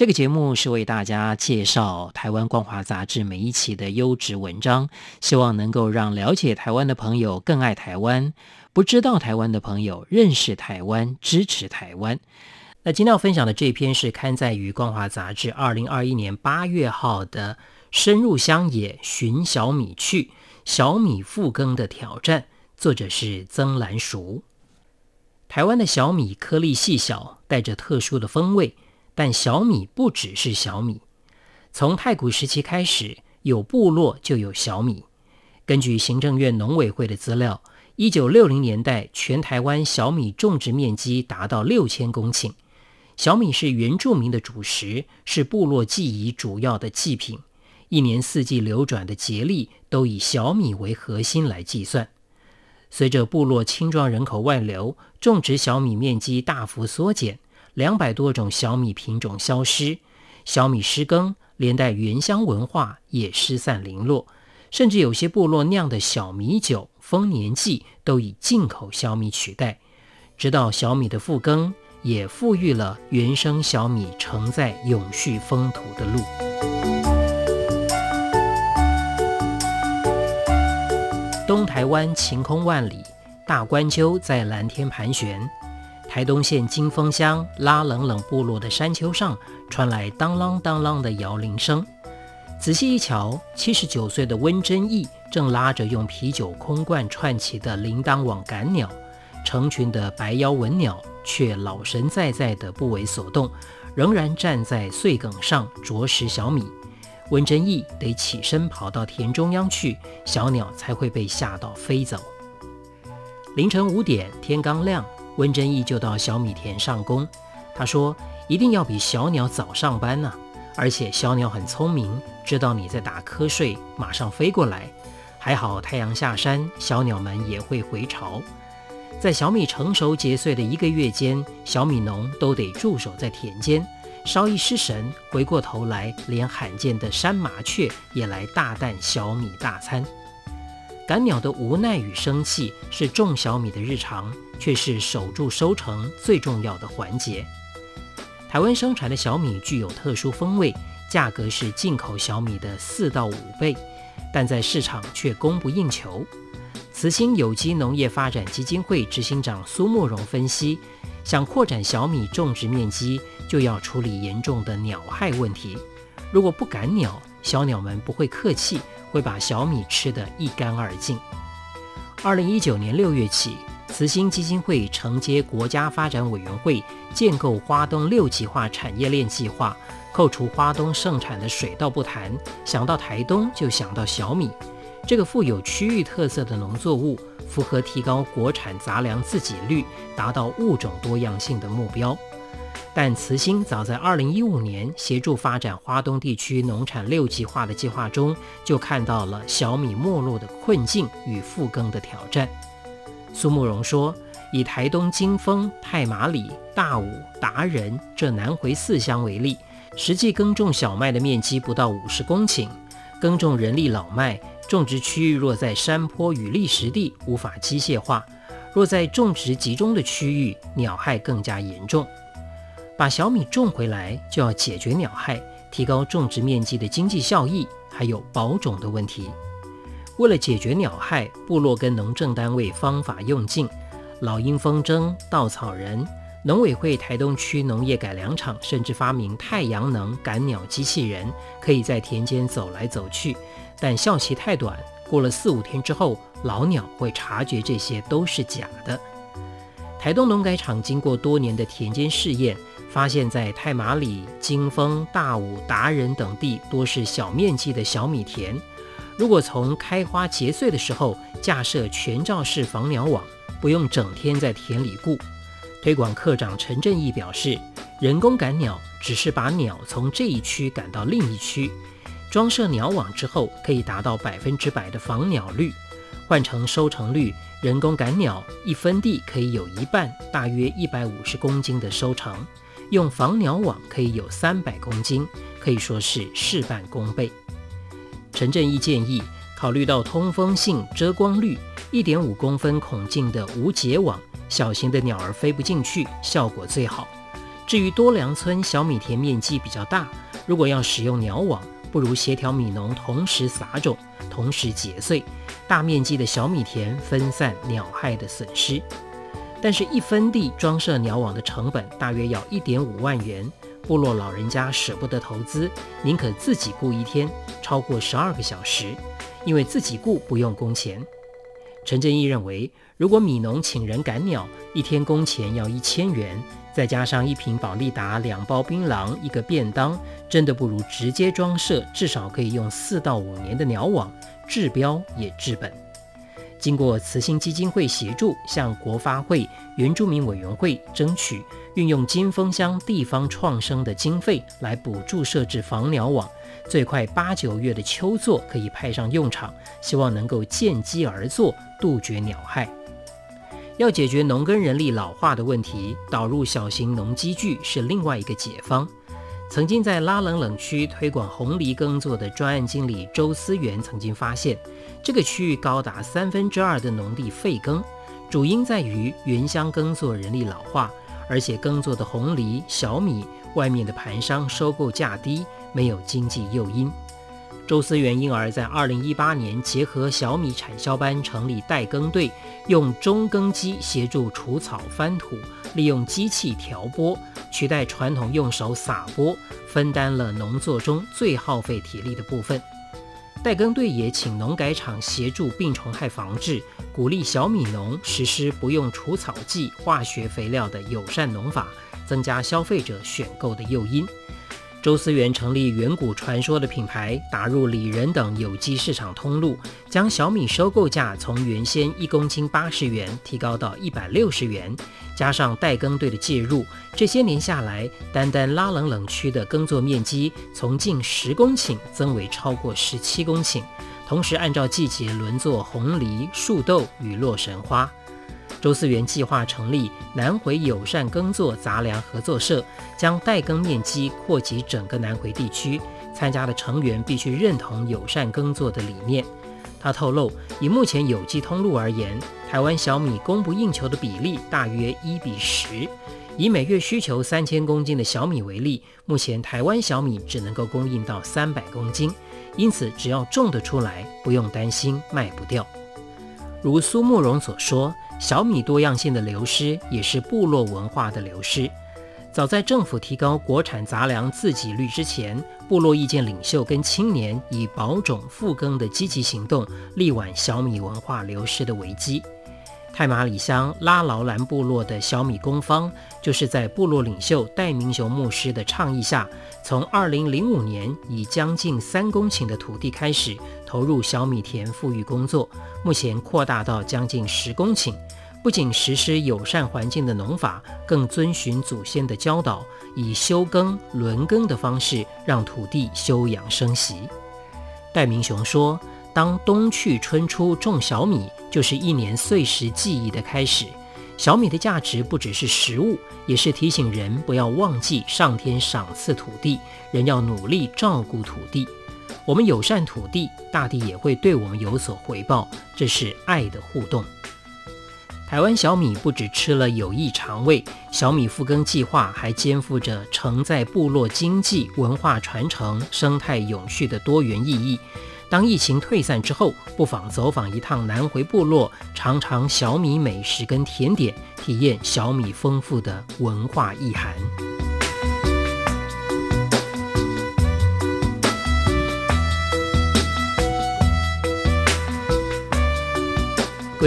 這個節目是為大家介紹台灣光華雜誌每一期的優質文章，希望能夠讓了解台灣的朋友更愛台灣，不知道台灣的朋友認識台灣，支持台灣。那今天要分享的這篇是刊載於光華雜誌二零二一年八月號的《深入鄉野尋小米去》，小米復耕的挑戰，作者是曾蘭淑。台灣的小米顆粒細、細小，帶着特殊的風味。但小米不只是小米，從太古時期開始，有部落就有小米。根據行政院農委會的資料，1960年代全台灣小米種植面積達到6000公頃。小米是原住民的主食，是部落祭儀主要的祭品，一年四季流轉的節曆都以小米為核心來計算。隨着部落青壯人口外流，種植小米面積大幅縮減。兩百多種小米品種消失，小米失耕，連帶原鄉文化也失散零落，甚至有些部落釀的小米酒，豐年祭都以進口小米取代。直到小米的復耕，也賦予了原生小米承載永續風土的路。東台灣晴空萬里，大冠鷲在藍天盤旋。台東縣金峰鄉拉冷冷部落的山丘上傳來當啷當啷的搖鈴聲。仔細一瞧，七十九歲的溫真義正拉着用啤酒空罐串起的鈴鐺網趕鳥，成群的白腰文鳥卻老神在在的不為所動，仍然站在穗梗上啄食小米。溫真義得起身跑到田中央去，小鳥才會被嚇到飛走。凌晨五點，天剛亮。溫真義就到小米田上工，他說：“一定要比小鳥早上班呢、啊。而且小鳥很聰明，知道你在打瞌睡，馬上飛過來。還好太陽下山，小鳥們也會回巢。在小米成熟結穗的一個月間，小米農都得駐守在田間，稍一失神，回過頭來，連罕見的山麻雀也來大啖小米大餐。趕鳥的無奈與生氣是種小米的日常。”卻是守住收成最重要的環節。台灣生產的小米具有特殊風味，價格是進口小米的四到五倍，但在市場卻供不應求。慈心有機農業發展基金會執行長蘇慕容分析，想擴展小米種植面積，就要處理嚴重的鳥害問題。如果不趕鳥，小鳥們不會客氣，會把小米吃得一乾二淨。二零一九年六月起，慈心基金會承接國家發展委員會建構花東六級化產業鏈計劃，扣除花東盛產的水稻不談，想到台東就想到小米，這個富有區域特色的農作物，符合提高國產雜糧自給率，達到物種多樣性的目標。但慈心早在2015年協助發展花東地區農產六級化的計劃中，就看到了小米沒落的困境與復耕的挑戰。蘇慕容說：“以台東金峰、太麻里、大武、達仁這南回四鄉為例，實際耕種小麥的面積不到五十公頃，耕種人力老邁，種植區域若在山坡與礫石地，無法機械化；若在種植集中的區域，鳥害更加嚴重。把小米種回來，就要解決鳥害，提高種植面積的經濟效益，還有保種的問題。”為了解決鳥害，部落跟農政單位方法用盡，老鷹風箏、稻草人，農委會台東區農業改良場，甚至發明太陽能趕鳥機器人，可以在田間走來走去，但效期太短，過了四五天之後，老鳥會察覺這些都是假的。台東農改場經過多年的田間試驗，發現在太麻裡、金峰、大武、達人等地，多是小面積的小米田。如果從開花結穗的時候架設全罩式防鳥網，不用整天在田裡顧。推廣課長陳振義表示，人工趕鳥只是把鳥從這一區趕到另一區，裝設鳥網之後可以達到百分之百的防鳥率。換成收成率，人工趕鳥一分地可以有一半，大約一百五十公斤的收成，用防鳥網可以有三百公斤，可以說是事半功倍。陳正義建議，考慮到通風性、遮光率，一點五公分孔徑的無結網，小型的鳥兒飛不進去，效果最好。至於多良村小米田面積比較大，如果要使用鳥網，不如協調米農同時撒種、同時結穗，大面積的小米田分散鳥害的損失。但是，一分地裝設鳥網的成本大約要一點五萬元。部落老人家捨不得投資，寧可自己雇一天超過十二個小時，因為自己雇不用工錢。陳振義認為，如果米農請人趕鳥，一天工錢要一千元，再加上一瓶保力達、兩包檳榔、一個便當，真的不如直接裝設，至少可以用四到五年的鳥網，治標也治本。經過慈心基金會協助，向國發會原住民委員會爭取，運用金峰鄉地方創生的經費來補助設置防鳥網，最快八九月的秋作可以派上用場，希望能夠見機而作，杜絕鳥害。要解決農耕人力老化的問題，導入小型農機具是另外一個解方。曾經在拉冷冷區推廣紅藜耕作的專案經理周思源曾經發現，這個區域高達三分之二的農地廢耕，主因在於原鄉耕作人力老化，而且耕作的紅藜、小米外面的盤商收購價低，沒有經濟誘因。周思源因而在2018年結合小米產銷班成立代耕隊，用中耕機協助除草翻土。利用機器條播取代傳統用手撒播，分擔了農作中最耗費體力的部分。代耕隊也請農改場協助病蟲害防治，鼓勵小米農實施不用除草劑、化學肥料的友善農法，增加消費者選購的誘因。周思源成立遠古傳說的品牌，打入里仁等有機市場通路，將小米收購價從原先一公斤八十元提高到一百六十元。加上代耕隊的介入，這些年下來，單單拉冷冷區的耕作面積從近十公頃增為超過十七公頃，同時按照季節輪作紅藜、樹豆與洛神花。周思源計劃成立南回友善耕作雜糧合作社，將代耕面積擴及整個南回地區。參加的成員必須認同友善耕作的理念。他透露，以目前有機通路而言，台灣小米供不應求的比例大約一比十。以每月需求三千公斤的小米為例，目前台灣小米只能夠供應到三百公斤，因此只要種得出來，不用擔心賣不掉。如蘇慕容所說，小米多樣性的流失也是部落文化的流失。早在政府提高國產雜糧自給率之前，部落意見領袖跟青年以保種復耕的積極行動，力挽小米文化流失的危機。泰馬里鄉拉勞蘭部落的小米工坊，就是在部落領袖戴明雄牧師的倡議下，從2005年以將近三公頃的土地開始投入小米田復育工作，目前擴大到將近十公頃。不僅實施友善環境的農法，更遵循祖先的教導，以休耕、輪耕的方式讓土地休養生息。戴明雄說。當冬去春初，種小米就是一年歲時記憶的開始。小米的價值不只是食物，也是提醒人不要忘記上天賞賜土地，人要努力照顧土地。我們友善土地，大地也會對我們有所回報，這是愛的互動。台灣小米不只吃了有益腸胃，小米復耕計劃還肩負着承載部落經濟、文化傳承、生態永續的多元意義。當疫情退散之後，不妨走訪一趟南回部落，嚐嚐小米美食跟甜點，體驗小米豐富的文化意涵。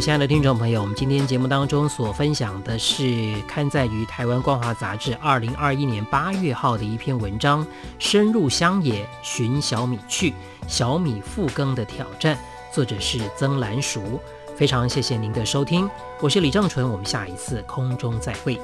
親愛的聽眾朋友，我們今天節目當中所分享的是刊載於台灣《光華》雜誌二零二一年八月號的一篇文章《深入鄉野尋小米去》，小米復耕的挑戰，作者是曾蘭淑。非常謝謝您的收聽，我是李正淳，我們下一次空中再會。